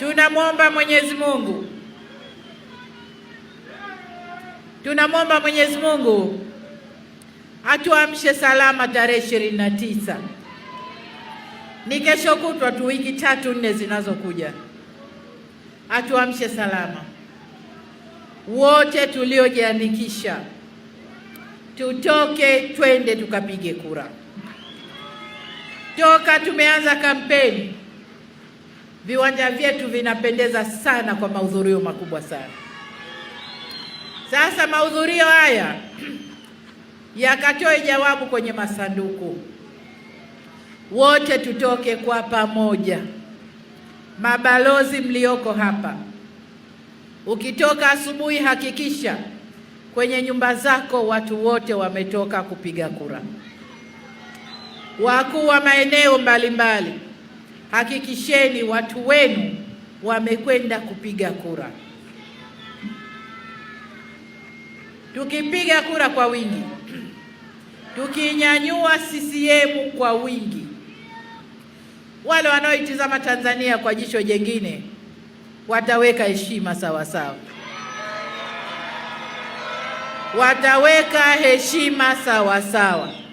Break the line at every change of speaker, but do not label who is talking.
Tunamwomba Mwenyezi Mungu, tunamwomba Mwenyezi Mungu atuamshe salama tarehe ishirini na tisa ni kesho kutwa tu, wiki tatu nne zinazokuja, atuamshe salama. Wote tuliojiandikisha tutoke, twende tukapige kura. Toka tumeanza kampeni viwanja vyetu vinapendeza sana kwa mahudhurio makubwa sana. Sasa mahudhurio haya yakatoe jawabu kwenye masanduku, wote tutoke kwa pamoja. Mabalozi mlioko hapa, ukitoka asubuhi, hakikisha kwenye nyumba zako watu wote wametoka kupiga kura. Wakuu wa maeneo mbalimbali hakikisheni watu wenu wamekwenda kupiga kura. Tukipiga kura kwa wingi, tukinyanyua CCM kwa wingi, wale wanaoitizama Tanzania kwa jicho jengine wataweka heshima sawa sawa, wataweka heshima sawa sawa.